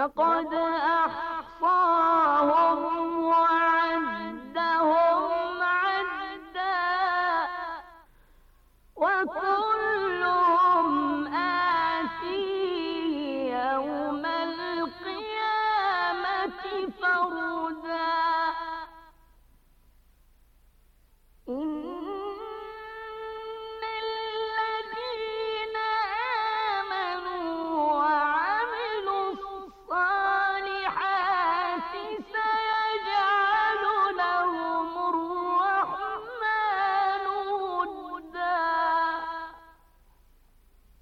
لقد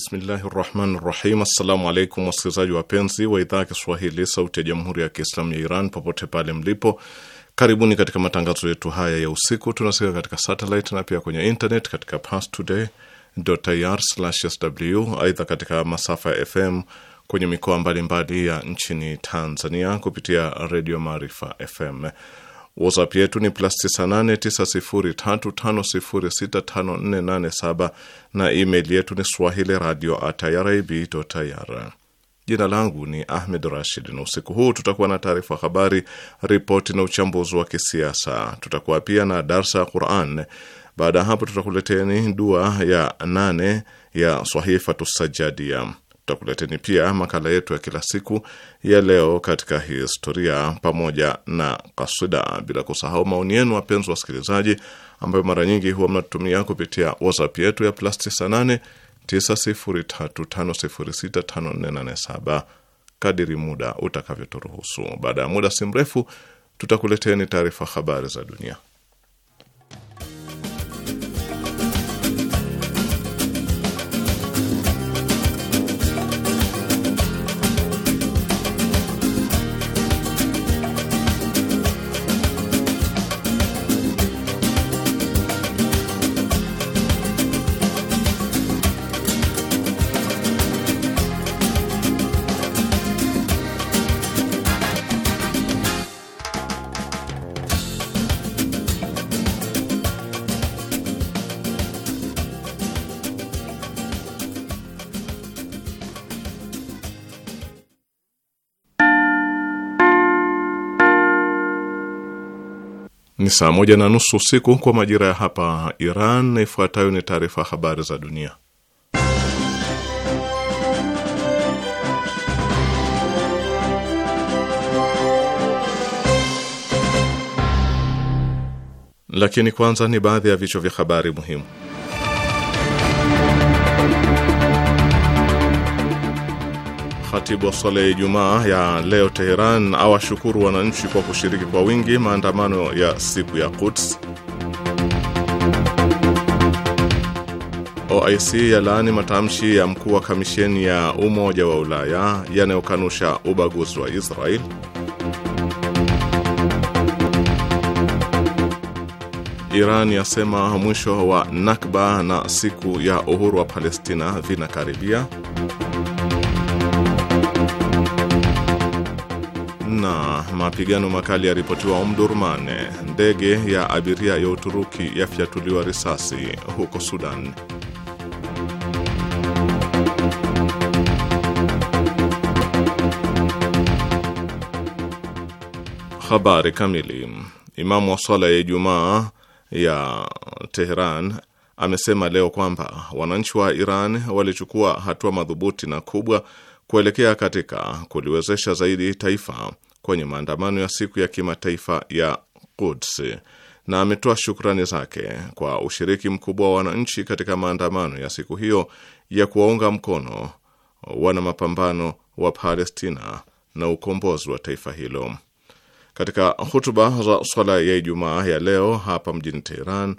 Bismillahi rahmani rahim. Assalamu alaikum wasikilizaji wapenzi wa idhaa ya Kiswahili sauti ya jamhuri ya Kiislamu ya Iran popote pale mlipo, karibuni katika matangazo yetu haya ya usiku. tunasikika katika satelit na pia kwenye internet katika parstoday.ir/sw. Aidha, katika masafa ya FM kwenye mikoa mbalimbali ya nchini Tanzania kupitia redio Maarifa FM. WhatsApp yetu ni plus 989035065487 na email yetu ni swahili radio at irib.ir. Jina langu ni Ahmed Rashid, na usiku huu tutakuwa na taarifa habari, ripoti na uchambuzi wa kisiasa. Tutakuwa pia na darsa ya Quran. Baada ya hapo, tutakuleteni dua ya nane ya Swahifatu Sajadia. Tutakuleteni pia makala yetu ya kila siku ya leo katika historia pamoja na kasida, bila kusahau maoni yenu, wapenzi wasikilizaji, ambayo mara nyingi huwa mnatutumia kupitia WhatsApp yetu ya plus 989035065487 kadiri muda utakavyoturuhusu. Baada ya muda si mrefu, tutakuleteni taarifa habari za dunia. ni saa moja na nusu usiku kwa majira ya hapa Iran, na ifuatayo ni taarifa habari za dunia. Lakini kwanza ni baadhi ya vichwa vya habari muhimu. khatibu wa swala ya Ijumaa ya leo Teheran awashukuru wananchi kwa kushiriki kwa wingi maandamano ya siku ya Quds. OIC yalaani matamshi ya mkuu wa kamisheni ya Umoja wa Ulaya yanayokanusha ubaguzi wa Israel. Iran yasema mwisho wa Nakba na siku ya uhuru wa Palestina vinakaribia. na mapigano makali yaripotiwa Omdurman. Ndege ya abiria ya Uturuki yafyatuliwa risasi huko Sudan. Habari kamili. Imamu wa swala ya Ijumaa ya Teheran amesema leo kwamba wananchi wa Iran walichukua hatua madhubuti na kubwa kuelekea katika kuliwezesha zaidi taifa kwenye maandamano ya siku ya kimataifa ya Quds na ametoa shukrani zake kwa ushiriki mkubwa wa wananchi katika maandamano ya siku hiyo ya kuwaunga mkono wana mapambano wa Palestina na ukombozi wa taifa hilo. Katika hutuba za swala ya Ijumaa ya leo hapa mjini Teheran,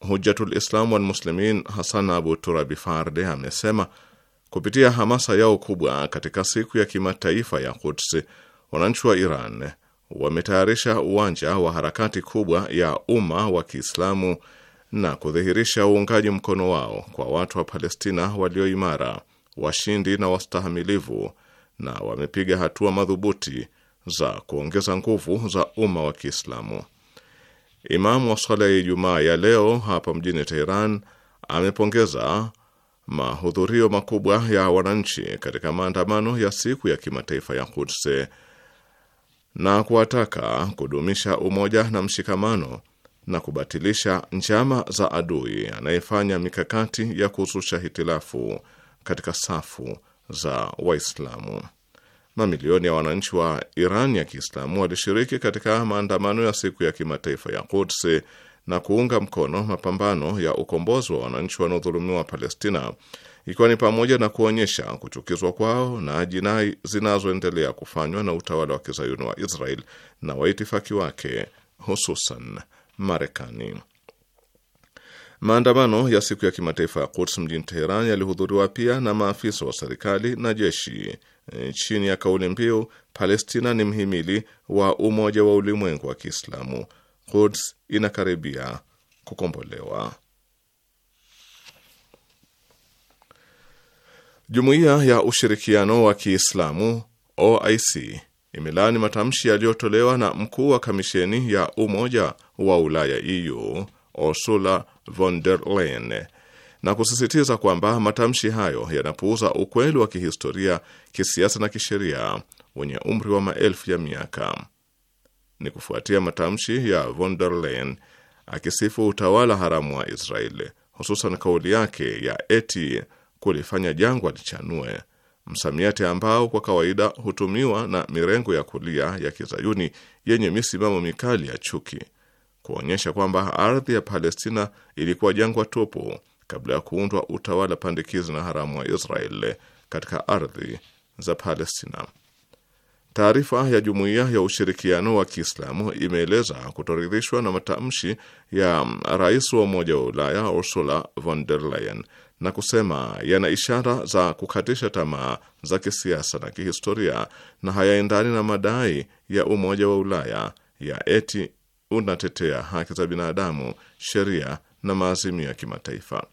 Hujjatul Islam wal Muslimin Hasan Abu Turabi Farde amesema kupitia hamasa yao kubwa katika siku ya kimataifa ya Quds wananchi wa Iran wametayarisha uwanja wa harakati kubwa ya umma wa Kiislamu na kudhihirisha uungaji mkono wao kwa watu wa Palestina walioimara, washindi na wastahamilivu, na wamepiga hatua madhubuti za kuongeza nguvu za umma wa Kiislamu. Imamu wa swala ya Ijumaa ya leo hapa mjini Teheran amepongeza mahudhurio makubwa ya wananchi katika maandamano ya siku ya kimataifa ya Kudse na kuwataka kudumisha umoja na mshikamano na kubatilisha njama za adui anayefanya mikakati ya kuzusha hitilafu katika safu za Waislamu. Mamilioni ya wananchi wa Iran ya Kiislamu walishiriki katika maandamano ya siku ya kimataifa ya Quds na kuunga mkono mapambano ya ukombozi wa wananchi wanaodhulumiwa Palestina ikiwa ni pamoja na kuonyesha kuchukizwa kwao na jinai zinazoendelea kufanywa na utawala wa kizayuni wa Israel na waitifaki wake hususan Marekani. Maandamano ya siku ya kimataifa ya Quds mjini Teheran yalihudhuriwa pia na maafisa wa serikali na jeshi e, chini ya kauli mbiu Palestina ni mhimili wa umoja wa ulimwengu wa Kiislamu, Quds inakaribia kukombolewa. Jumuiya ya Ushirikiano wa Kiislamu OIC imelaani matamshi yaliyotolewa na mkuu wa kamisheni ya Umoja wa Ulaya EU Ursula von der Leyen na kusisitiza kwamba matamshi hayo yanapuuza ukweli wa kihistoria, kisiasa na kisheria wenye umri wa maelfu ya miaka. Ni kufuatia matamshi ya von der Leyen akisifu utawala haramu wa Israeli, hususan kauli yake ya eti kulifanya jangwa lichanue. Msamiati ambao kwa kawaida hutumiwa na mirengo ya kulia ya kizayuni yenye misimamo mikali ya chuki kuonyesha kwamba ardhi ya Palestina ilikuwa jangwa tupu kabla ya kuundwa utawala pandikizi na haramu wa Israeli katika ardhi za Palestina. Taarifa ya Jumuiya ya Ushirikiano wa Kiislamu imeeleza kutoridhishwa na matamshi ya rais wa Umoja wa Ulaya Ursula von der Leyen na kusema yana ishara za kukatisha tamaa za kisiasa na kihistoria na hayaendani na madai ya Umoja wa Ulaya ya eti unatetea haki za binadamu, sheria na maazimio ya kimataifa.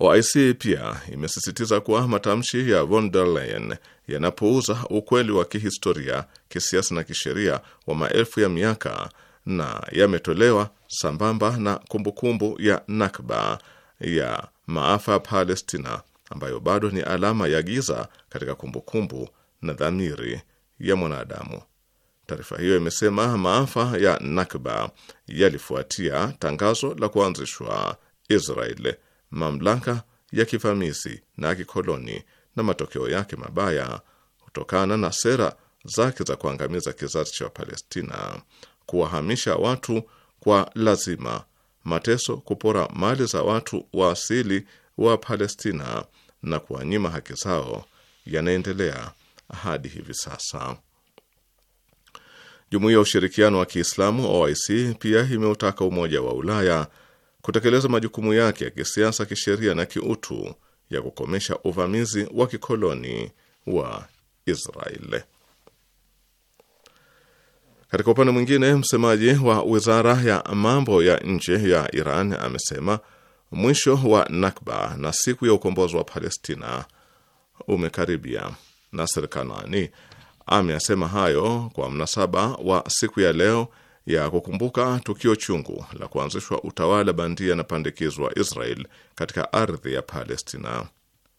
OIC pia imesisitiza kuwa matamshi ya von der Leyen yanapuuza ukweli wa kihistoria, kisiasa na kisheria wa maelfu ya miaka na yametolewa sambamba na kumbukumbu ya Nakba ya maafa ya Palestina ambayo bado ni alama ya giza katika kumbukumbu kumbu na dhamiri ya mwanadamu. Taarifa hiyo imesema maafa ya Nakba yalifuatia tangazo la kuanzishwa Israel mamlaka ya kivamizi na kikoloni na matokeo yake mabaya kutokana na sera zake za kuangamiza kizazi cha Wapalestina, kuwahamisha watu kwa lazima mateso, kupora mali za watu wa asili wa Palestina na kuwanyima haki zao yanaendelea hadi hivi sasa. Jumuiya ya Ushirikiano wa Kiislamu OIC pia imeutaka Umoja wa Ulaya kutekeleza majukumu yake ya kisiasa, kisheria na kiutu ya kukomesha uvamizi wa kikoloni wa Israeli. Katika upande mwingine, msemaji wa wizara ya mambo ya nje ya Iran amesema mwisho wa Nakba na siku ya ukombozi wa Palestina umekaribia. Nasser Kanani ameyasema hayo kwa mnasaba wa siku ya leo ya kukumbuka tukio chungu la kuanzishwa utawala bandia na wa Israel katika ardhi ya Palestina.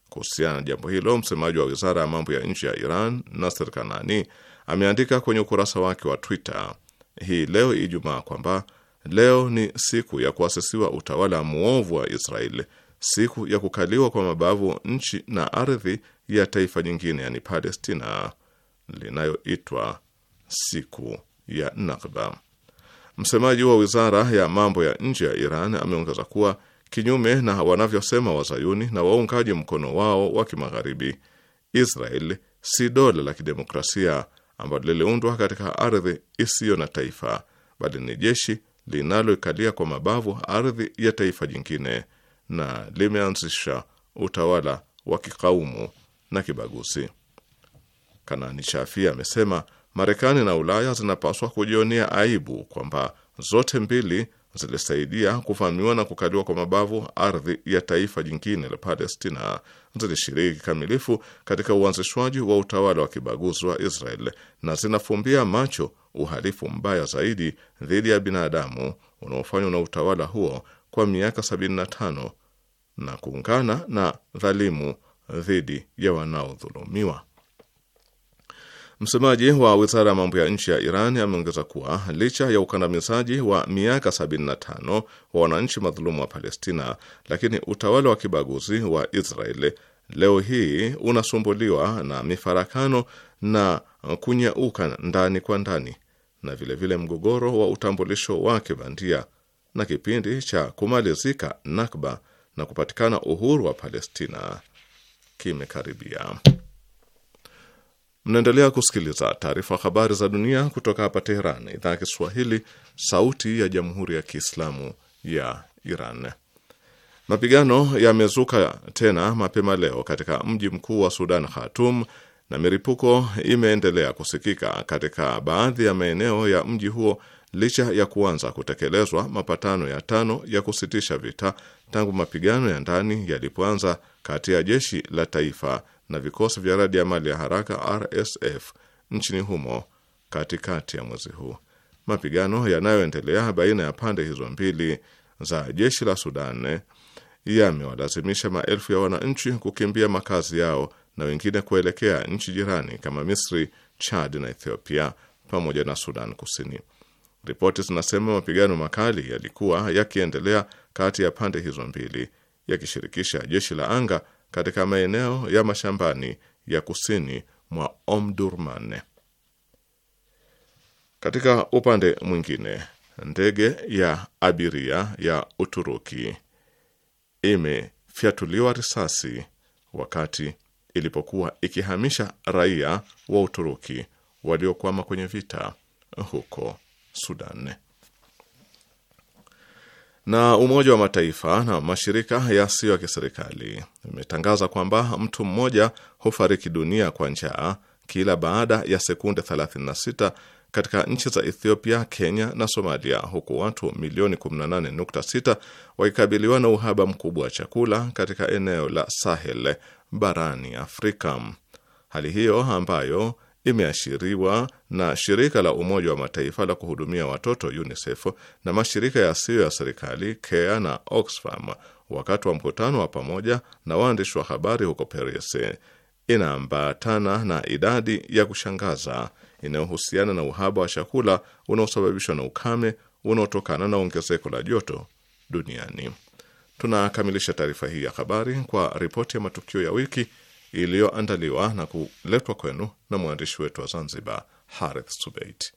Kuhusiana na jambo hilo, msemaji wa wizara ya mambo ya nje ya Iran Nasser Kanani ameandika kwenye ukurasa wake wa Twitter hii leo Ijumaa kwamba leo ni siku ya kuasisiwa utawala mwovu wa Israeli, siku ya kukaliwa kwa mabavu nchi na ardhi ya taifa nyingine yani Palestina, linayoitwa siku ya Nakba. Msemaji wa wizara ya mambo ya nje ya Iran ameongeza kuwa kinyume na wanavyosema wazayuni na waungaji mkono wao wa kimagharibi, Israel si dola la kidemokrasia ambalo liliundwa katika ardhi isiyo na taifa, bali ni jeshi linaloikalia kwa mabavu ardhi ya taifa jingine na limeanzisha utawala wa kikaumu na kibaguzi. Kanani Chafia amesema Marekani na Ulaya zinapaswa kujionea aibu kwamba zote mbili zilisaidia kuvamiwa na kukaliwa kwa mabavu ardhi ya taifa jingine la Palestina zilishiriki kikamilifu katika uanzishwaji wa utawala wa kibaguzi wa Israel na zinafumbia macho uhalifu mbaya zaidi dhidi ya binadamu unaofanywa na utawala huo kwa miaka 75 na kuungana na dhalimu dhidi ya wanaodhulumiwa. Msemaji wa wizara ya mambo ya nchi ya Iran ameongeza kuwa licha ya ukandamizaji wa miaka 75 wa wananchi madhulumu wa Palestina, lakini utawala wa kibaguzi wa Israeli leo hii unasumbuliwa na mifarakano na kunyauka ndani kwa ndani na vilevile vile mgogoro wa utambulisho wake bandia na kipindi cha kumalizika Nakba na kupatikana uhuru wa Palestina kimekaribia. Mnaendelea kusikiliza taarifa habari za dunia kutoka hapa Teheran, idhaa ya Kiswahili, sauti ya jamhuri ya kiislamu ya Iran. Mapigano yamezuka tena mapema leo katika mji mkuu wa Sudan, Khartoum, na miripuko imeendelea kusikika katika baadhi ya maeneo ya mji huo licha ya kuanza kutekelezwa mapatano ya tano ya kusitisha vita tangu mapigano ya ndani yalipoanza kati ya jeshi la taifa na vikosi vya radi ya mali ya haraka RSF nchini humo katikati ya mwezi huu. Mapigano yanayoendelea baina ya pande hizo mbili za jeshi la Sudan yamewalazimisha maelfu ya wananchi kukimbia makazi yao na wengine kuelekea nchi jirani kama Misri, Chad na Ethiopia pamoja na Sudan Kusini. Ripoti zinasema mapigano makali yalikuwa yakiendelea kati ya pande hizo mbili yakishirikisha jeshi la anga katika maeneo ya mashambani ya kusini mwa Omdurman. Katika upande mwingine, ndege ya abiria ya Uturuki imefyatuliwa risasi wakati ilipokuwa ikihamisha raia wa Uturuki waliokwama kwenye vita huko Sudan. Na Umoja wa Mataifa na mashirika yasiyo ya kiserikali imetangaza kwamba mtu mmoja hufariki dunia kwa njaa kila baada ya sekunde 36 katika nchi za Ethiopia, Kenya na Somalia, huku watu milioni 18.6 wakikabiliwa na uhaba mkubwa wa chakula katika eneo la Sahel barani Afrika. Hali hiyo ambayo imeashiriwa na shirika la Umoja wa Mataifa la kuhudumia watoto UNICEF na mashirika yasiyo ya serikali Care na Oxfam wakati wa mkutano wa pamoja na waandishi wa habari huko Paris, inaambatana na idadi ya kushangaza inayohusiana na uhaba wa chakula unaosababishwa na ukame unaotokana na ongezeko la joto duniani. Tunakamilisha taarifa hii ya habari kwa ripoti ya matukio ya wiki iliyoandaliwa na kuletwa kwenu na mwandishi wetu wa Zanzibar, Harith Subeit.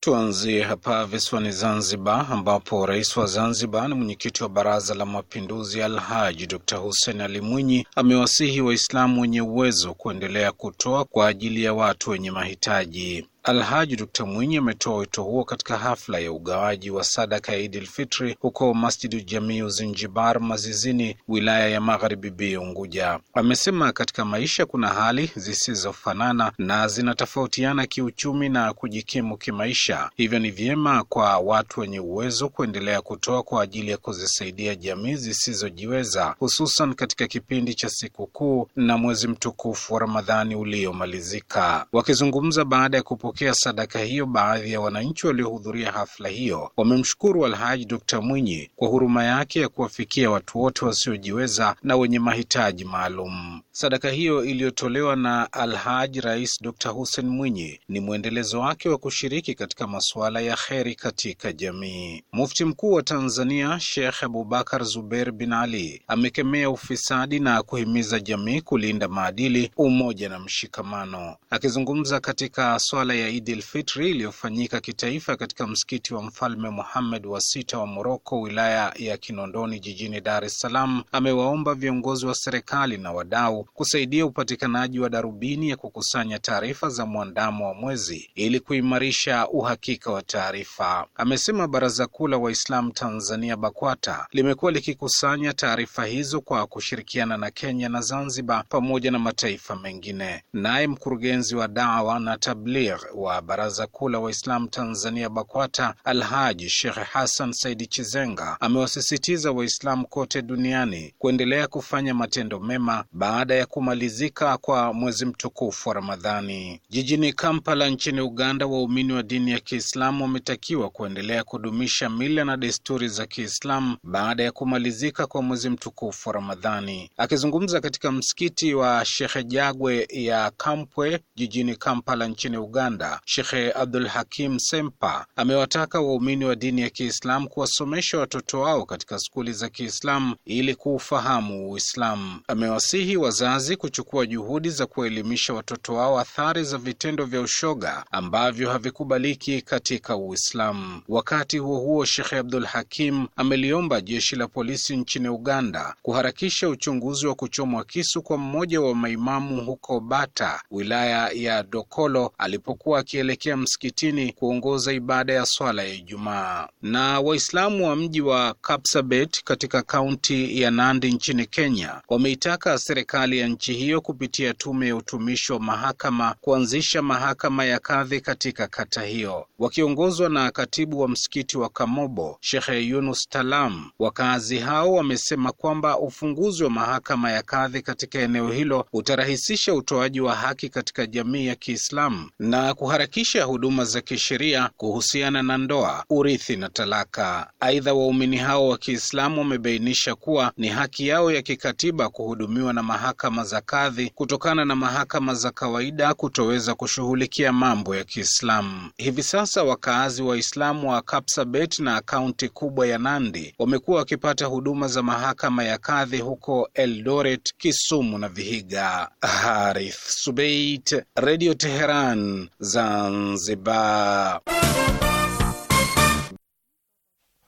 Tuanzie hapa visiwani Zanzibar, ambapo rais wa Zanzibar na mwenyekiti wa Baraza la Mapinduzi Al Haji Dr Hussein Ali Mwinyi amewasihi Waislamu wenye uwezo kuendelea kutoa kwa ajili ya watu wenye mahitaji. Alhaji Dkt Mwinyi ametoa wito huo katika hafla ya ugawaji wa sadaka ya Idil Fitri huko Masjidu Jamiu Zinjibar Mazizini, wilaya ya Magharibi B Unguja. Amesema katika maisha kuna hali zisizofanana na zinatofautiana kiuchumi na kujikimu kimaisha, hivyo ni vyema kwa watu wenye uwezo kuendelea kutoa kwa ajili ya kuzisaidia jamii zisizojiweza, hususan katika kipindi cha sikukuu na mwezi mtukufu wa Ramadhani uliomalizika. Wakizungumza baada ya kupo kupokea sadaka hiyo, baadhi ya wananchi waliohudhuria hafla hiyo wamemshukuru Alhaji Dkt. Mwinyi kwa huruma yake ya kuwafikia watu wote wasiojiweza na wenye mahitaji maalum. Sadaka hiyo iliyotolewa na Alhaj Rais Dr Hussein Mwinyi ni mwendelezo wake wa kushiriki katika masuala ya kheri katika jamii. Mufti mkuu wa Tanzania Sheikh Abubakar Zubeir bin Ali amekemea ufisadi na kuhimiza jamii kulinda maadili, umoja na mshikamano. Akizungumza katika swala ya Idi Elfitri iliyofanyika kitaifa katika msikiti wa Mfalme Muhammed wa Sita wa Moroko, wilaya ya Kinondoni jijini Dar es Salaam, amewaomba viongozi wa serikali na wadau kusaidia upatikanaji wa darubini ya kukusanya taarifa za mwandamo wa mwezi ili kuimarisha uhakika wa taarifa. Amesema Baraza Kuu la Waislamu Tanzania BAKWATA limekuwa likikusanya taarifa hizo kwa kushirikiana na Kenya na Zanzibar pamoja na mataifa mengine. Naye mkurugenzi wa dawa na tabligh wa Baraza Kuu la Waislamu Tanzania BAKWATA Alhaji Sheikh Hassan Saidi Chizenga amewasisitiza Waislamu kote duniani kuendelea kufanya matendo mema baada ya kumalizika kwa mwezi mtukufu wa Ramadhani. Jijini Kampala nchini Uganda, waumini wa dini ya Kiislamu wametakiwa kuendelea kudumisha mila na desturi za Kiislamu baada ya kumalizika kwa mwezi mtukufu wa Ramadhani. Akizungumza katika msikiti wa Shekhe Jagwe ya Kampwe jijini Kampala nchini Uganda, Shekhe Abdul Hakim Sempa amewataka waumini wa dini ya Kiislamu kuwasomesha watoto wao katika skuli za Kiislamu ili kuufahamu Uislamu. Amewasihi wazazi kuchukua juhudi za kuwaelimisha watoto wao athari za vitendo vya ushoga ambavyo havikubaliki katika Uislamu. Wakati huo huo, Shekhe Abdul Hakim ameliomba jeshi la polisi nchini Uganda kuharakisha uchunguzi wa kuchomwa kisu kwa mmoja wa maimamu huko Bata, wilaya ya Dokolo, alipokuwa akielekea msikitini kuongoza ibada ya swala ya Ijumaa. Na Waislamu wa mji wa Kapsabet katika kaunti ya Nandi nchini Kenya wameitaka serikali serikali ya nchi hiyo kupitia tume ya utumishi wa mahakama kuanzisha mahakama ya kadhi katika kata hiyo. Wakiongozwa na katibu wa msikiti wa Kamobo, Shekhe Yunus Talam, wakazi hao wamesema kwamba ufunguzi wa mahakama ya kadhi katika eneo hilo utarahisisha utoaji wa haki katika jamii ya Kiislamu na kuharakisha huduma za kisheria kuhusiana na ndoa, urithi na talaka. Aidha, waumini hao wa Kiislamu wamebainisha kuwa ni haki yao ya kikatiba kuhudumiwa na mahakama mahakama za kadhi kutokana na mahakama za kawaida kutoweza kushughulikia mambo ya Kiislamu. Hivi sasa wakaazi Waislamu wa Kapsabet na kaunti kubwa ya Nandi wamekuwa wakipata huduma za mahakama ya kadhi huko Eldoret, Kisumu na Vihiga. Harith Subeit, Radio Teheran, Zanzibar.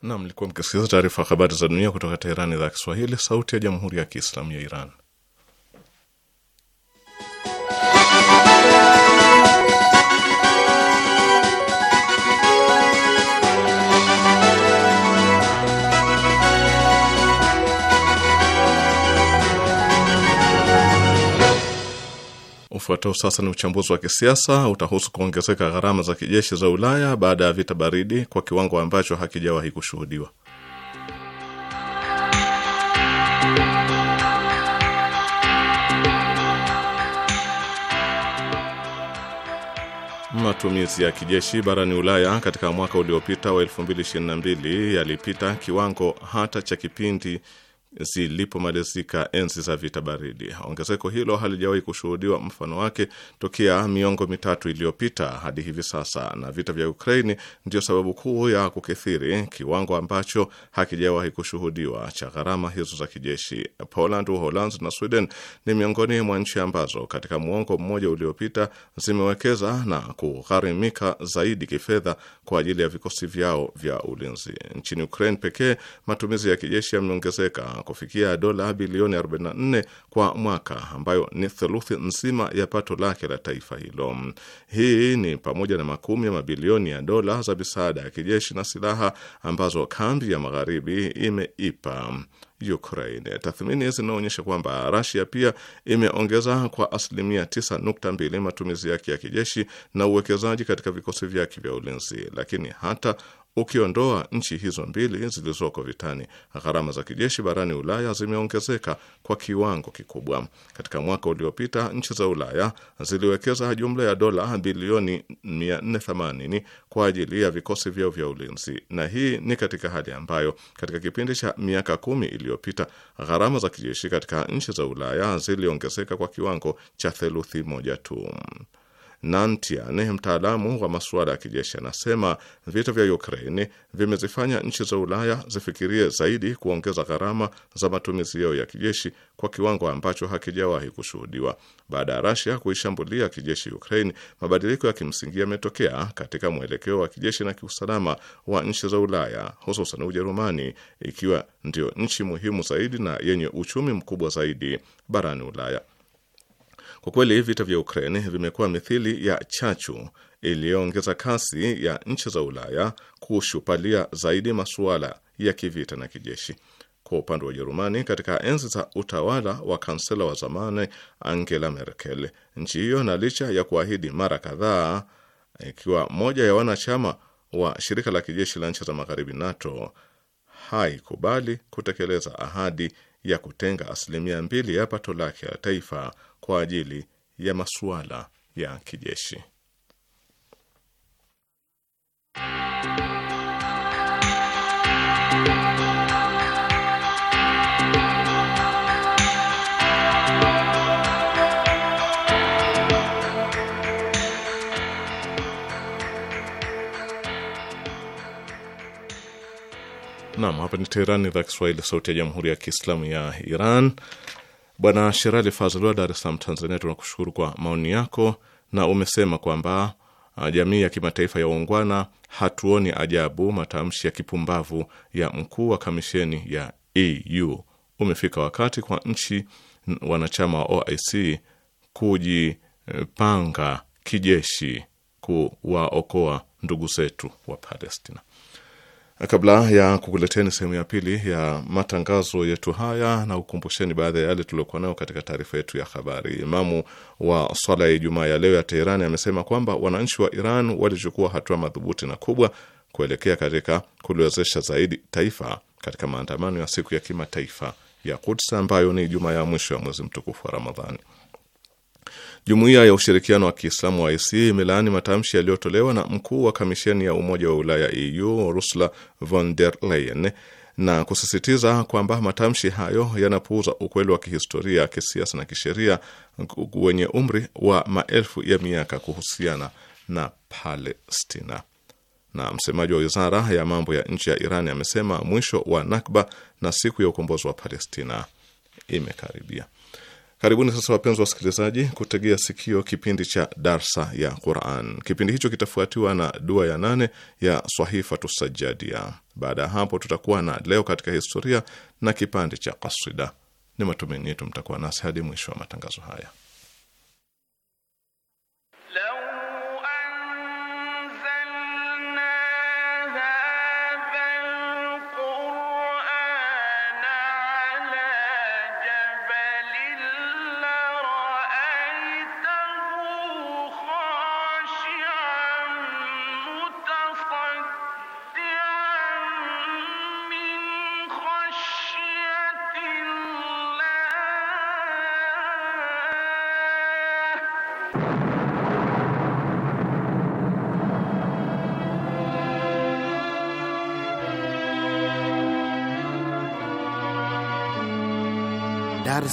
Nam, mlikuwa mkisikiliza taarifa ya habari za dunia kutoka Teherani, idhaa ya Kiswahili, sauti ya jamhuri ya kiislamu ya Iran. Ufuatao sasa ni uchambuzi wa kisiasa, utahusu kuongezeka gharama za kijeshi za Ulaya baada ya vita baridi kwa kiwango ambacho hakijawahi kushuhudiwa. Matumizi ya kijeshi barani Ulaya katika mwaka uliopita wa 2022 yalipita kiwango hata cha kipindi zilipomalizika enzi za vita baridi. Ongezeko hilo halijawahi kushuhudiwa mfano wake tokea miongo mitatu iliyopita hadi hivi sasa, na vita vya Ukraini ndiyo sababu kuu ya kukithiri kiwango ambacho hakijawahi kushuhudiwa cha gharama hizo za kijeshi. Poland, Uholanzi na Sweden ni miongoni mwa nchi ambazo katika muongo mmoja uliopita zimewekeza na kugharimika zaidi kifedha kwa ajili ya vikosi vyao vya ulinzi. Nchini Ukraine pekee matumizi ya kijeshi yameongezeka kufikia dola bilioni 44 kwa mwaka, ambayo ni theluthi nzima ya pato lake la taifa hilo. Hii ni pamoja na makumi ya mabilioni ya dola za misaada ya kijeshi na silaha ambazo kambi ya magharibi imeipa Ukraine. Tathmini zinaonyesha kwamba Rasia pia imeongeza kwa asilimia 9.2 matumizi yake ya kijeshi na uwekezaji katika vikosi vyake vya ulinzi, lakini hata Ukiondoa nchi hizo mbili zilizoko vitani, gharama za kijeshi barani Ulaya zimeongezeka kwa kiwango kikubwa. Katika mwaka uliopita, nchi za Ulaya ziliwekeza jumla ya dola bilioni 480 kwa ajili ya vikosi vyao vya ulinzi, na hii ni katika hali ambayo katika kipindi cha miaka kumi iliyopita gharama za kijeshi katika nchi za Ulaya ziliongezeka kwa kiwango cha theluthi moja tu. Nantian, mtaalamu wa masuala ya kijeshi, anasema vita vya Ukraine vimezifanya nchi za Ulaya zifikirie zaidi kuongeza gharama za matumizi yao ya kijeshi kwa kiwango ambacho hakijawahi kushuhudiwa. Baada ya Russia kuishambulia kijeshi Ukraine, mabadiliko ya kimsingi yametokea katika mwelekeo wa kijeshi na kiusalama wa nchi za Ulaya, hususan Ujerumani, ikiwa ndio nchi muhimu zaidi na yenye uchumi mkubwa zaidi barani Ulaya. Kwa kweli vita vya Ukraine vimekuwa mithili ya chachu iliyoongeza kasi ya nchi za Ulaya kushupalia zaidi masuala ya kivita na kijeshi. Kwa upande wa Ujerumani, katika enzi za utawala wa kansela wa zamani Angela Merkel, nchi hiyo na licha ya kuahidi mara kadhaa ikiwa moja ya wanachama wa shirika la kijeshi la nchi za magharibi NATO haikubali kutekeleza ahadi ya kutenga asilimia mbili ya pato lake la taifa kwa ajili ya masuala ya kijeshi. Nam, hapa ni Teherani, idhaa Kiswahili, sauti ya jamhuri ya kiislamu ya Iran. Bwana Sherali Fazl wa Dar es Salaam, Tanzania, tunakushukuru kwa maoni yako, na umesema kwamba uh, jamii ya kimataifa ya uungwana hatuoni ajabu matamshi ya kipumbavu ya mkuu wa kamisheni ya EU. Umefika wakati kwa nchi wanachama wa OIC kujipanga kijeshi kuwaokoa ndugu zetu wa Palestina. Kabla ya kukuleteni sehemu ya pili ya matangazo yetu haya, na ukumbusheni baadhi ya yale tuliokuwa nayo katika taarifa yetu ya habari. Imamu wa swala ya Ijumaa ya leo ya Teherani amesema kwamba wananchi wa Iran walichukua hatua madhubuti na kubwa kuelekea katika kuliwezesha zaidi taifa katika maandamano ya siku ya kimataifa ya Quds ambayo ni Ijumaa ya mwisho ya mwezi mtukufu wa Ramadhani. Jumuiya ya ushirikiano wa Kiislamu wa IC imelaani matamshi yaliyotolewa na mkuu wa kamisheni ya Umoja wa Ulaya EU Ursula von der Leyen na kusisitiza kwamba matamshi hayo yanapuuza ukweli wa kihistoria, kisiasa na kisheria wenye umri wa maelfu ya miaka kuhusiana na Palestina. Na msemaji wa wizara ya mambo ya nchi ya Iran amesema mwisho wa Nakba na siku ya ukombozi wa Palestina imekaribia. Karibuni sasa wapenzi wasikilizaji, kutegea sikio kipindi cha darsa ya Quran. Kipindi hicho kitafuatiwa na dua ya nane ya swahifatu Sajadia. Baada ya hapo, tutakuwa na leo katika historia na kipande cha kasida. Ni matumaini yetu mtakuwa nasi hadi mwisho wa matangazo haya.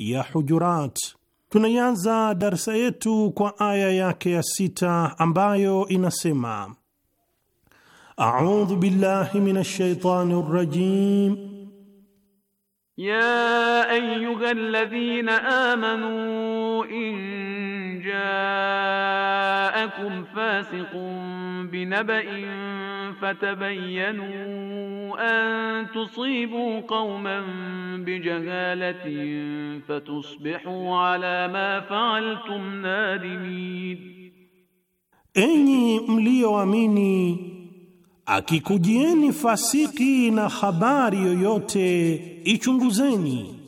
ya Hujurat. Tunaianza darsa yetu kwa aya yake ya sita ambayo inasema audhu billahi min shaitani rrajim ya ayyuhalladhina amanu in جاءكم فاسق بنبأ فتبينوا أن تصيبوا قوما بجهالة فتصبحوا على ما فعلتم نادمين Enyi mlioamini, akikujieni fasiki na habari yoyote ichunguzeni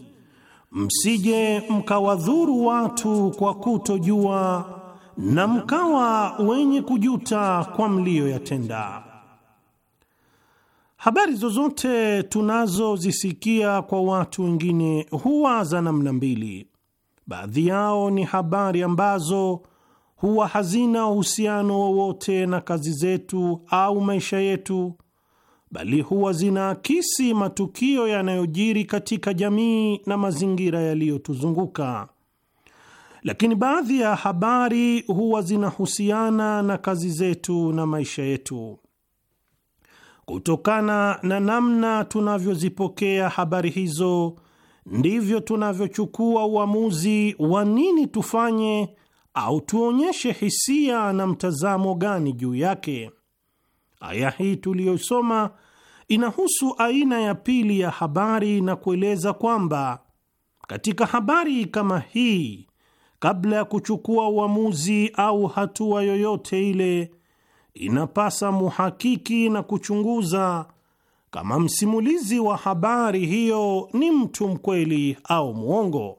msije mkawadhuru watu kwa kutojua na mkawa wenye kujuta kwa mliyoyatenda. Habari zozote tunazozisikia kwa watu wengine huwa za namna mbili. Baadhi yao ni habari ambazo huwa hazina uhusiano wowote na kazi zetu au maisha yetu, bali huwa zinaakisi matukio yanayojiri katika jamii na mazingira yaliyotuzunguka. Lakini baadhi ya habari huwa zinahusiana na kazi zetu na maisha yetu. Kutokana na namna tunavyozipokea habari hizo, ndivyo tunavyochukua uamuzi wa nini tufanye au tuonyeshe hisia na mtazamo gani juu yake. Aya hii tuliyosoma inahusu aina ya pili ya habari na kueleza kwamba katika habari kama hii, kabla ya kuchukua uamuzi au hatua yoyote ile, inapasa muhakiki na kuchunguza kama msimulizi wa habari hiyo ni mtu mkweli au mwongo,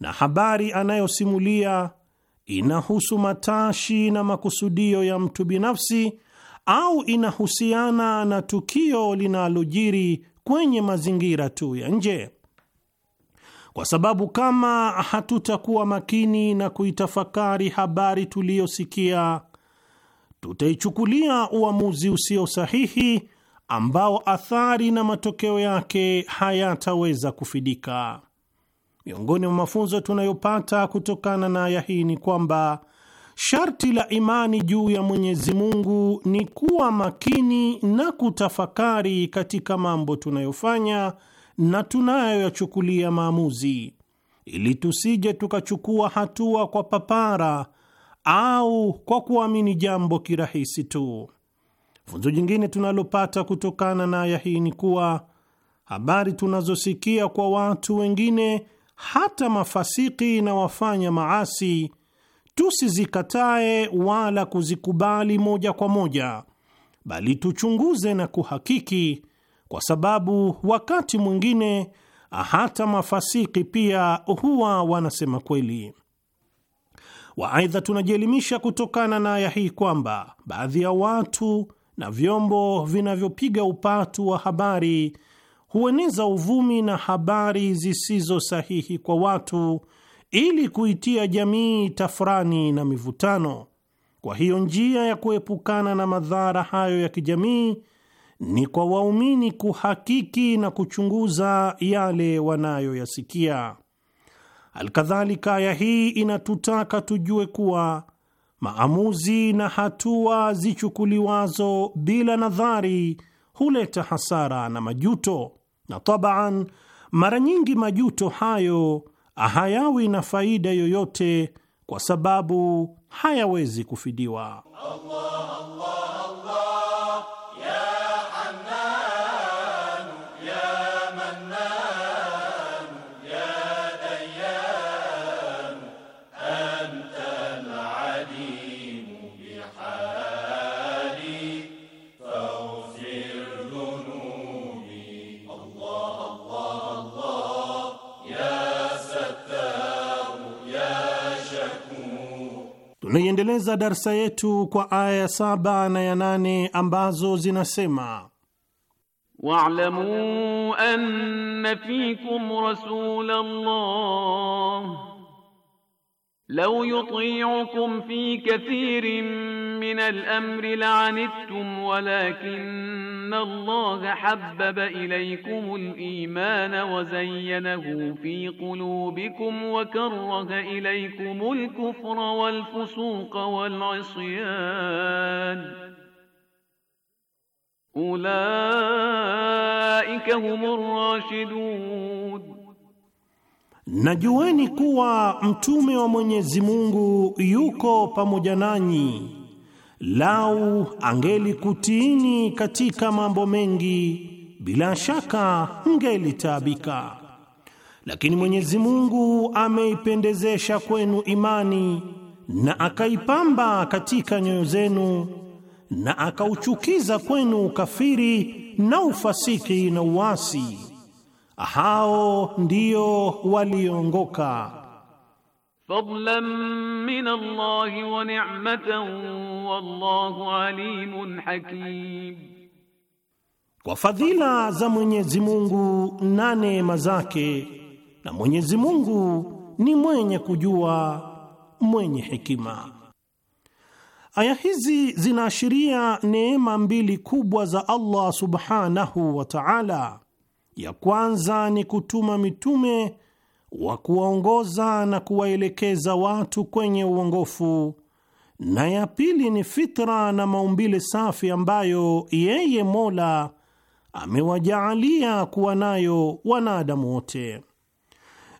na habari anayosimulia inahusu matashi na makusudio ya mtu binafsi au inahusiana na tukio linalojiri kwenye mazingira tu ya nje? Kwa sababu kama hatutakuwa makini na kuitafakari habari tuliyosikia, tutaichukulia uamuzi usio sahihi ambao athari na matokeo yake hayataweza kufidika. Miongoni mwa mafunzo tunayopata kutokana na aya hii ni kwamba Sharti la imani juu ya Mwenyezi Mungu ni kuwa makini na kutafakari katika mambo tunayofanya na tunayoyachukulia maamuzi, ili tusije tukachukua hatua kwa papara au kwa kuamini jambo kirahisi tu. Funzo jingine tunalopata kutokana na aya hii ni kuwa habari tunazosikia kwa watu wengine, hata mafasiki na wafanya maasi tusizikatae wala kuzikubali moja kwa moja, bali tuchunguze na kuhakiki, kwa sababu wakati mwingine hata mafasiki pia huwa wanasema kweli. Waaidha, tunajielimisha kutokana na aya hii kwamba baadhi ya watu na vyombo vinavyopiga upatu wa habari hueneza uvumi na habari zisizo sahihi kwa watu ili kuitia jamii tafurani na mivutano. Kwa hiyo njia ya kuepukana na madhara hayo ya kijamii ni kwa waumini kuhakiki na kuchunguza yale wanayoyasikia. Alkadhalika, aya hii inatutaka tujue kuwa maamuzi na hatua zichukuliwazo bila nadhari huleta hasara na majuto, na tabaan, mara nyingi majuto hayo hayawi na faida yoyote kwa sababu hayawezi kufidiwa. Allah, Allah. Tunaiendeleza darsa yetu kwa aya ya saba na ya nane ambazo zinasema wa'lamu anna fikum rasulallah لو يطيعكم في كثير من الأمر لعنتم ولكن الله حبب إليكم الإيمان وزينه في قلوبكم وكره إليكم الكفر والفسوق والعصيان أولئك هم الراشدون Najueni kuwa mtume wa Mwenyezi Mungu yuko pamoja nanyi, lau angelikutiini katika mambo mengi, bila shaka mngelitaabika, lakini Mwenyezi Mungu ameipendezesha kwenu imani na akaipamba katika nyoyo zenu na akauchukiza kwenu ukafiri na ufasiki na uasi hao ndio waliongoka. Fadlan min Allah wa ni'matan wallahu alimun hakim, kwa fadhila za Mwenyezi Mungu na neema zake, na Mwenyezi Mungu ni mwenye kujua, mwenye hekima. Aya hizi zinaashiria neema mbili kubwa za Allah subhanahu wa ta'ala ya kwanza ni kutuma mitume wa kuwaongoza na kuwaelekeza watu kwenye uongofu, na ya pili ni fitra na maumbile safi ambayo yeye Mola amewajaalia kuwa nayo wanadamu wote.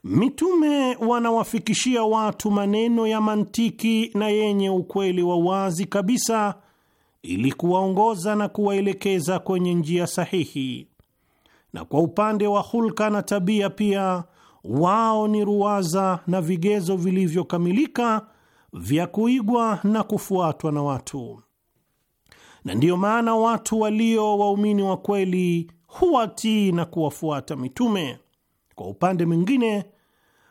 Mitume wanawafikishia watu maneno ya mantiki na yenye ukweli wa wazi kabisa ili kuwaongoza na kuwaelekeza kwenye njia sahihi na kwa upande wa hulka na tabia pia wao ni ruwaza na vigezo vilivyokamilika vya kuigwa na kufuatwa na watu, na ndiyo maana watu walio waumini wa kweli huwatii na kuwafuata mitume. Kwa upande mwingine,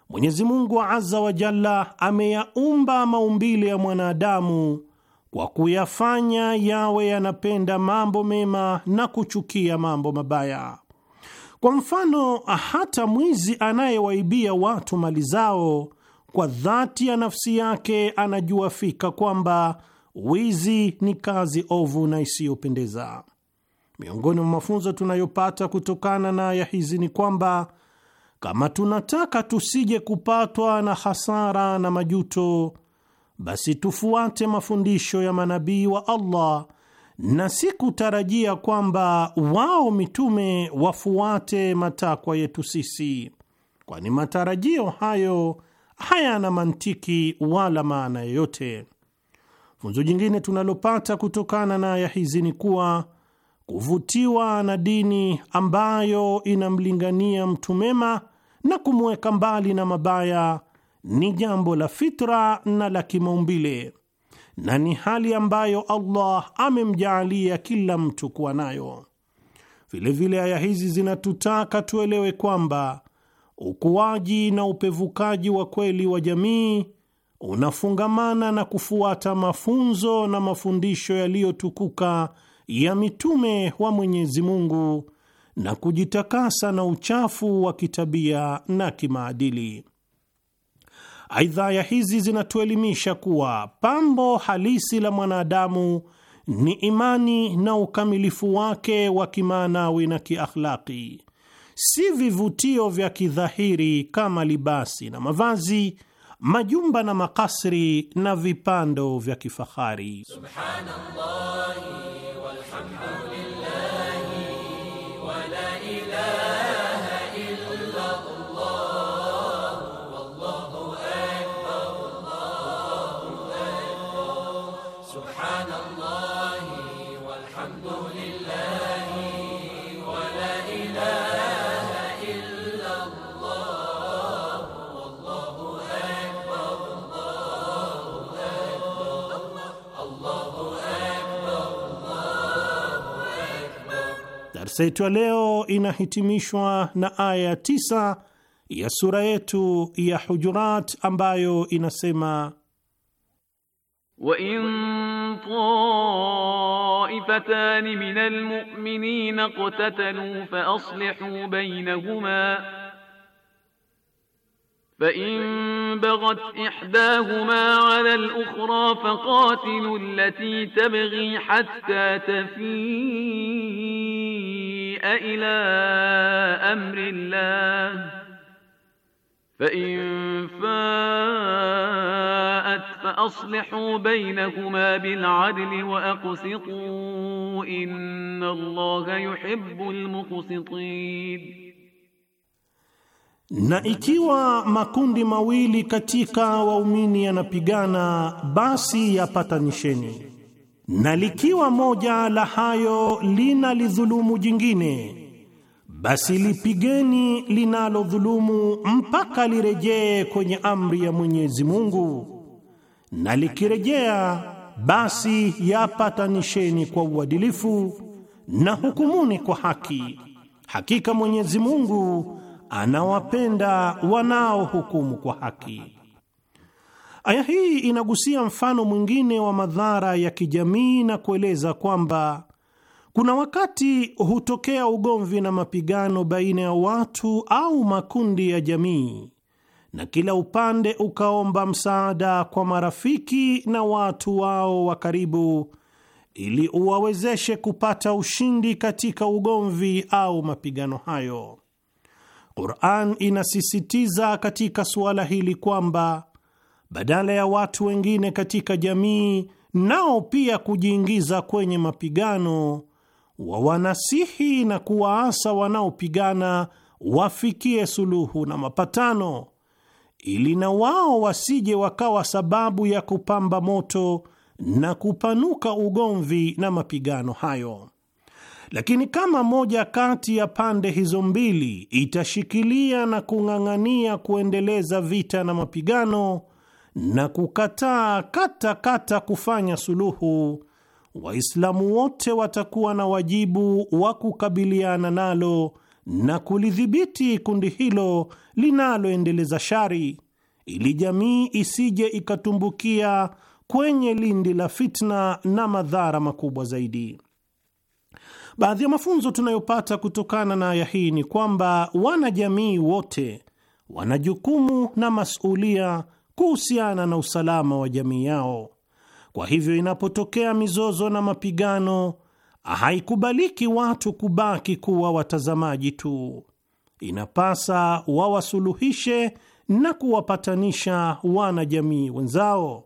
Mwenyezi Mungu Azza wa Jalla ameyaumba maumbile ya mwanadamu kwa kuyafanya yawe yanapenda mambo mema na kuchukia mambo mabaya. Kwa mfano, hata mwizi anayewaibia watu mali zao kwa dhati ya nafsi yake anajua fika kwamba wizi ni kazi ovu na isiyopendeza. Miongoni mwa mafunzo tunayopata kutokana na aya hizi ni kwamba kama tunataka tusije kupatwa na hasara na majuto, basi tufuate mafundisho ya manabii wa Allah na si kutarajia kwamba wao mitume wafuate matakwa yetu sisi, kwani matarajio hayo hayana mantiki wala maana yoyote. Funzo jingine tunalopata kutokana na aya hizi ni kuwa kuvutiwa na dini ambayo inamlingania mtu mema na kumweka mbali na mabaya ni jambo la fitra na la kimaumbile na ni hali ambayo Allah amemjaalia kila mtu kuwa nayo. Vilevile aya hizi zinatutaka tuelewe kwamba ukuaji na upevukaji wa kweli wa jamii unafungamana na kufuata mafunzo na mafundisho yaliyotukuka ya mitume wa Mwenyezi Mungu na kujitakasa na uchafu wa kitabia na kimaadili. Aidha, ya hizi zinatuelimisha kuwa pambo halisi la mwanadamu ni imani na ukamilifu wake wa kimaanawi na kiakhlaki, si vivutio vya kidhahiri kama libasi na mavazi, majumba na makasri na vipando vya kifahari. Subhanallah Darsa yetu ya leo inahitimishwa na aya tisa ya sura yetu ya Hujurat ambayo inasema وإن طائفتان من المؤمنين اقتتلوا فأصلحوا بينهما فإن بغت إحداهما على الأخرى فقاتلوا التي تبغي حتى تفيء إلى أمر الله فإن فاءت فأصلحوا بينهما بالعدل وأقسطوا إن الله يحب المقسطين Na ikiwa makundi mawili katika waumini yanapigana, basi yapatanisheni, na likiwa moja la hayo linalidhulumu jingine, basi lipigeni linalodhulumu mpaka lirejee kwenye amri ya Mwenyezi Mungu, na likirejea, basi yapatanisheni kwa uadilifu na hukumuni kwa haki. Hakika Mwenyezi Mungu anawapenda wanaohukumu kwa haki. Aya hii inagusia mfano mwingine wa madhara ya kijamii na kueleza kwamba kuna wakati hutokea ugomvi na mapigano baina ya watu au makundi ya jamii, na kila upande ukaomba msaada kwa marafiki na watu wao wa karibu ili uwawezeshe kupata ushindi katika ugomvi au mapigano hayo. Qur'an inasisitiza katika suala hili kwamba badala ya watu wengine katika jamii nao pia kujiingiza kwenye mapigano, wa wanasihi na kuwaasa wanaopigana wafikie suluhu na mapatano, ili na wao wasije wakawa sababu ya kupamba moto na kupanuka ugomvi na mapigano hayo. Lakini kama moja kati ya pande hizo mbili itashikilia na kung'ang'ania kuendeleza vita na mapigano na kukataa kata kata kufanya suluhu, Waislamu wote watakuwa na wajibu wa kukabiliana nalo na kulidhibiti kundi hilo linaloendeleza shari, ili jamii isije ikatumbukia kwenye lindi la fitna na madhara makubwa zaidi. Baadhi ya mafunzo tunayopata kutokana na aya hii ni kwamba wanajamii wote wana jukumu na masulia kuhusiana na usalama wa jamii yao. Kwa hivyo, inapotokea mizozo na mapigano, haikubaliki watu kubaki kuwa watazamaji tu. Inapasa wawasuluhishe na kuwapatanisha wanajamii wenzao.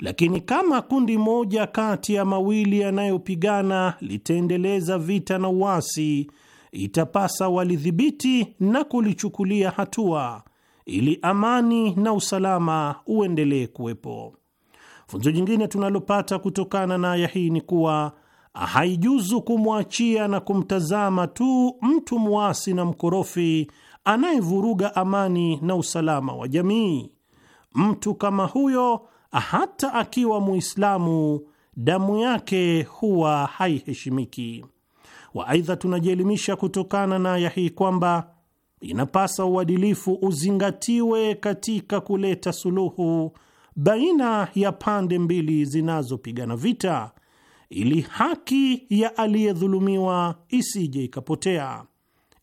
Lakini kama kundi moja kati ya mawili yanayopigana litaendeleza vita na uasi, itapasa walidhibiti na kulichukulia hatua ili amani na usalama uendelee kuwepo. Funzo jingine tunalopata kutokana na aya hii ni kuwa haijuzu kumwachia na kumtazama tu mtu mwasi na mkorofi anayevuruga amani na usalama wa jamii. Mtu kama huyo hata akiwa Muislamu, damu yake huwa haiheshimiki. Waaidha, tunajielimisha kutokana na aya hii kwamba inapasa uadilifu uzingatiwe katika kuleta suluhu baina ya pande mbili zinazopigana vita, ili haki ya aliyedhulumiwa isije ikapotea.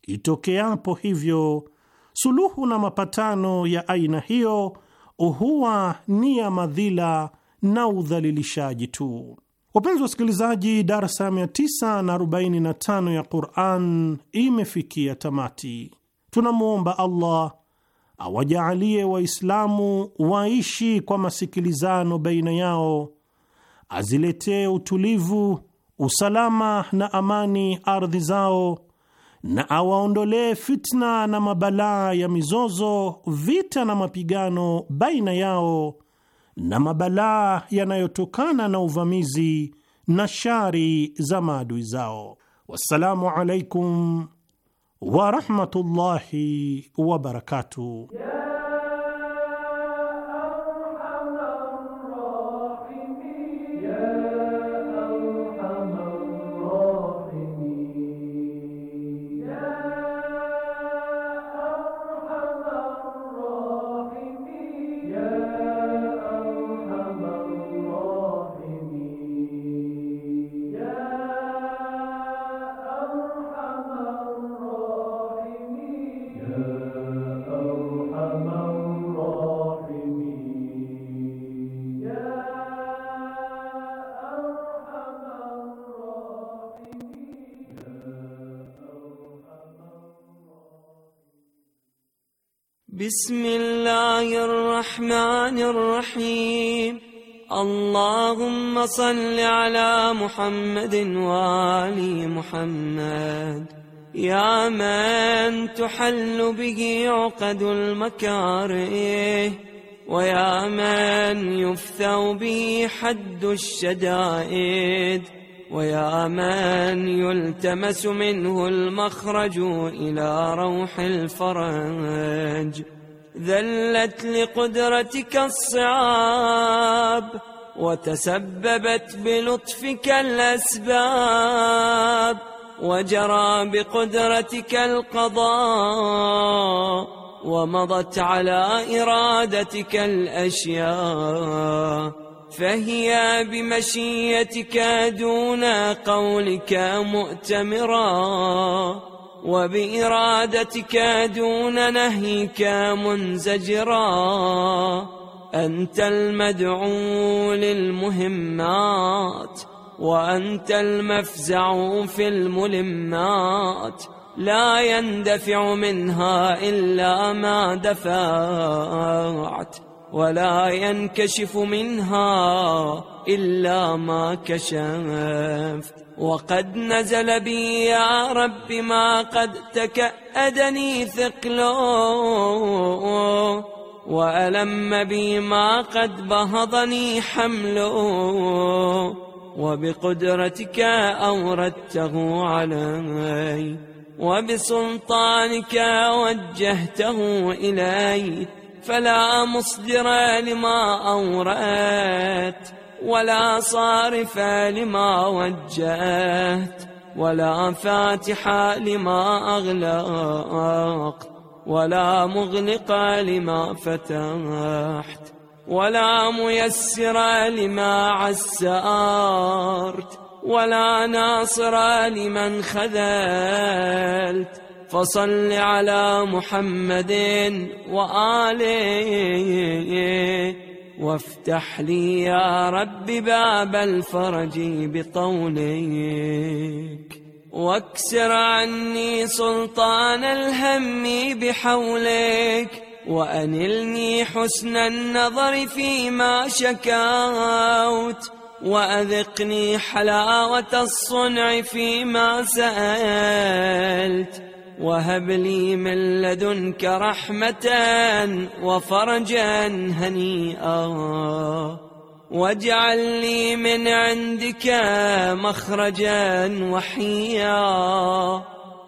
Itokeapo hivyo, suluhu na mapatano ya aina hiyo huwa ni ya madhila na udhalilishaji tu. Wapenzi wasikilizaji, darsa ya 945 ya Quran imefikia tamati. Tunamwomba Allah awajaalie Waislamu waishi kwa masikilizano baina yao, aziletee utulivu, usalama na amani ardhi zao na awaondolee fitna na mabalaa ya mizozo, vita na mapigano baina yao na mabalaa yanayotokana na uvamizi na shari za maadui zao. Wassalamu alaikum warahmatullahi wabarakatuh. بسم الله الرحمن الرحيم اللهم صل على محمد وآل محمد يا من تحل به عقد المكاره ويا من يفتى به حد الشدائد ويا من يلتمس منه المخرج إلى روح الفرج ذلت لقدرتك الصعاب وتسببت بلطفك الأسباب وجرى بقدرتك القضاء ومضت على إرادتك الأشياء فهي بمشيتك دون قولك مؤتمرا وبإرادتك دون نهيك منزجرا أنت المدعو للمهمات وأنت المفزع في الملمات لا يندفع منها إلا ما دفعت ولا ينكشف منها إلا ما كشفت وقد نزل بي يا رب ما قد تكأدني ثقله وألم بي ما قد بهضني حمله وبقدرتك أوردته علي وبسلطانك وجهته إلي فلا مصدر لما أورات ولا صارف لما وجهت ولا فاتح لما أغلقت ولا مغلق لما فتحت ولا ميسر لما عسرت ولا ناصر لمن خذلت فصل على محمد وآله وافتح لي يا رب باب الفرج بقولك واكسر عني سلطان الهم بحولك وأنلني حسن النظر فيما شكوت وأذقني حلاوة الصنع فيما سألت وهب لي من لدنك رحمة وفرجا هنيئا واجعل لي من عندك مخرجا وحيا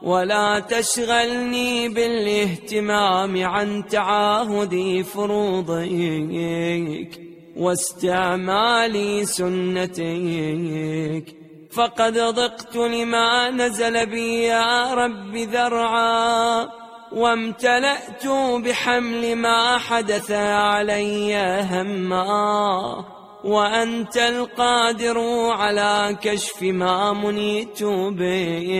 ولا تشغلني بالاهتمام عن تعاهد فروضك واستعمال سنتك فقد ضقت لما نزل بي يا رب ذرعا وامتلأت بحمل ما حدث علي هما وأنت القادر على كشف ما منيت به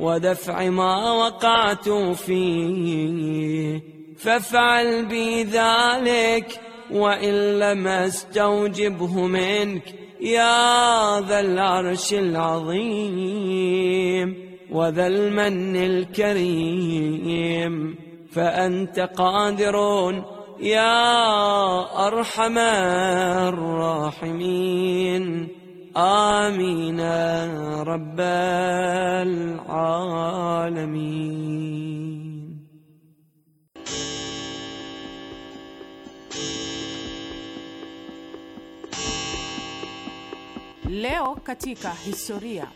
ودفع ما وقعت فيه فافعل بي ذلك وإن لم استوجبه منك يا ذا العرش العظيم وذا المن الكريم فأنت قادر يا أرحم الراحمين آمين رب العالمين Leo katika historia.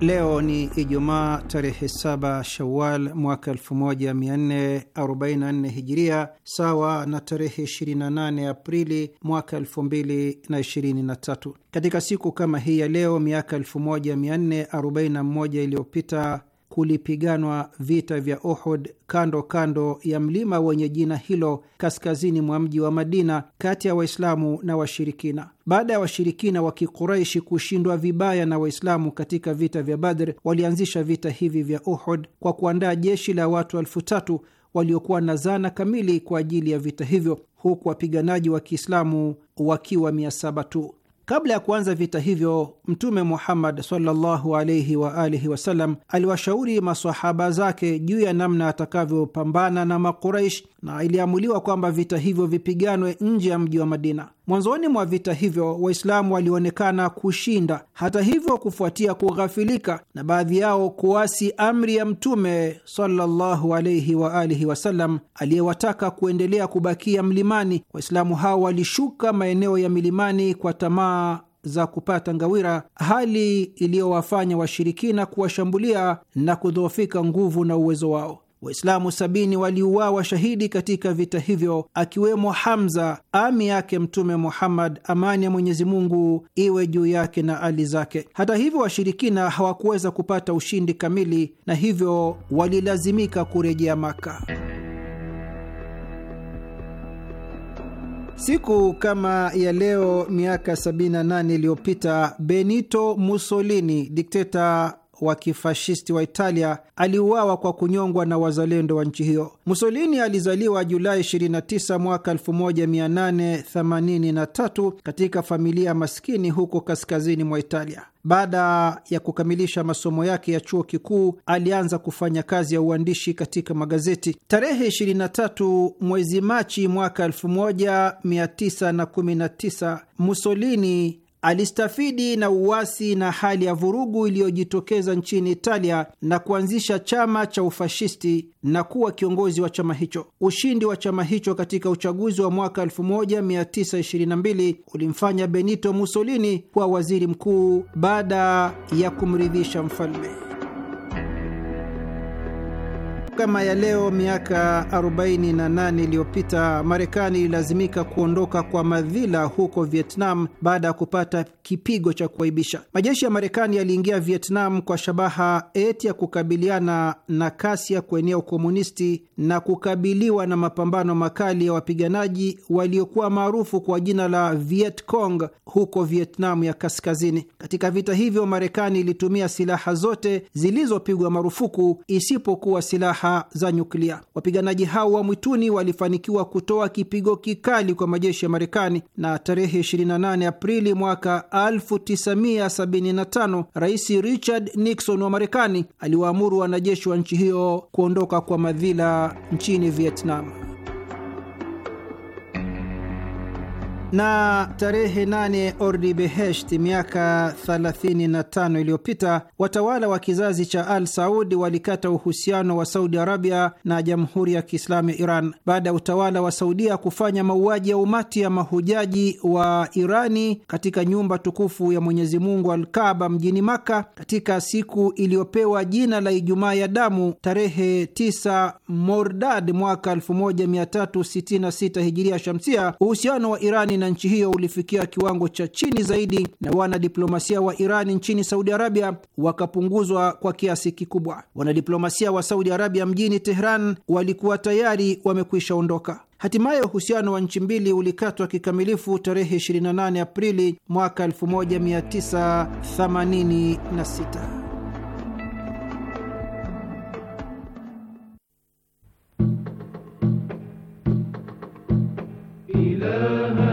Leo ni Ijumaa tarehe 7 Shawal mwaka 1444 Hijiria, sawa na tarehe 28 Aprili mwaka 2023. Katika siku kama hii ya leo miaka 1441 iliyopita kulipiganwa vita vya Uhud kando kando ya mlima wenye jina hilo kaskazini mwa mji wa Madina, kati ya Waislamu na washirikina. Baada ya washirikina wa Kikuraishi kushindwa vibaya na Waislamu katika vita vya Badr, walianzisha vita hivi vya Uhud kwa kuandaa jeshi la watu elfu tatu waliokuwa na zana kamili kwa ajili ya vita hivyo, huku wapiganaji wa Kiislamu wakiwa mia saba tu. Kabla ya kuanza vita hivyo, Mtume Muhammad sallallahu alaihi wa alihi wasallam aliwashauri masahaba zake juu ya namna atakavyopambana na Makuraish, na iliamuliwa kwamba vita hivyo vipiganwe nje ya mji wa Madina. Mwanzoni mwa vita hivyo Waislamu walionekana kushinda. Hata hivyo, kufuatia kughafilika na baadhi yao kuasi amri ya Mtume sallallahu alaihi wa alihi wasallam aliyewataka kuendelea kubakia mlimani, Waislamu hao walishuka maeneo ya milimani kwa tamaa za kupata ngawira, hali iliyowafanya washirikina kuwashambulia na kudhoofika nguvu na uwezo wao. Waislamu sabini waliuawa shahidi katika vita hivyo, akiwemo Hamza, ami yake Mtume Muhammad, amani ya Mwenyezi Mungu iwe juu yake na ali zake. Hata hivyo, washirikina hawakuweza kupata ushindi kamili, na hivyo walilazimika kurejea Maka. Siku kama ya leo miaka 78 iliyopita Benito Mussolini, dikteta wa kifashisti wa Italia aliuawa kwa kunyongwa na wazalendo wa nchi hiyo. Mussolini alizaliwa Julai 29 mwaka 1883 katika familia maskini huko kaskazini mwa Italia. Baada ya kukamilisha masomo yake ya chuo kikuu, alianza kufanya kazi ya uandishi katika magazeti. Tarehe 23 mwezi Machi mwaka 1919 Mussolini Alistafidi na uwasi na hali ya vurugu iliyojitokeza nchini Italia na kuanzisha chama cha ufashisti na kuwa kiongozi wa chama hicho. Ushindi wa chama hicho katika uchaguzi wa mwaka 1922 ulimfanya Benito Mussolini kuwa waziri mkuu baada ya kumridhisha mfalme. Kama ya leo miaka 48 iliyopita, Marekani ililazimika kuondoka kwa madhila huko Vietnam baada ya kupata kipigo cha kuaibisha. Majeshi ya Marekani yaliingia Vietnam kwa shabaha eti ya kukabiliana na kasi ya kuenea ukomunisti na kukabiliwa na mapambano makali ya wapiganaji waliokuwa maarufu kwa jina la Viet Cong huko Vietnam ya kaskazini. Katika vita hivyo, Marekani ilitumia silaha zote zilizopigwa marufuku isipokuwa silaha silaha za nyuklia. Wapiganaji hao wa mwituni walifanikiwa kutoa kipigo kikali kwa majeshi ya Marekani, na tarehe 28 Aprili mwaka 1975 Rais Richard Nixon wa Marekani aliwaamuru wanajeshi wa nchi hiyo kuondoka kwa madhila nchini Vietnam. na tarehe 8 Behesht miaka 35 iliyopita watawala wa kizazi cha Al Saud walikata uhusiano wa Saudi Arabia na Jamhuri ya Kiislamu ya Iran baada ya utawala wa Saudia kufanya mauaji ya umati ya mahujaji wa Irani katika nyumba tukufu ya Mwenyezi Mungu Alkaaba mjini Maka katika siku iliyopewa jina la Ijumaa ya Damu tarehe 9 Mordad mwaka 1366 Hijiria Shamsia. Uhusiano wa Irani na nchi hiyo ulifikia kiwango cha chini zaidi, na wanadiplomasia wa Iran nchini Saudi Arabia wakapunguzwa kwa kiasi kikubwa. Wanadiplomasia wa Saudi Arabia mjini Tehran walikuwa tayari wamekwisha ondoka. Hatimaye uhusiano wa nchi mbili ulikatwa kikamilifu tarehe 28 Aprili mwaka 1986. Love.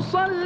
صلى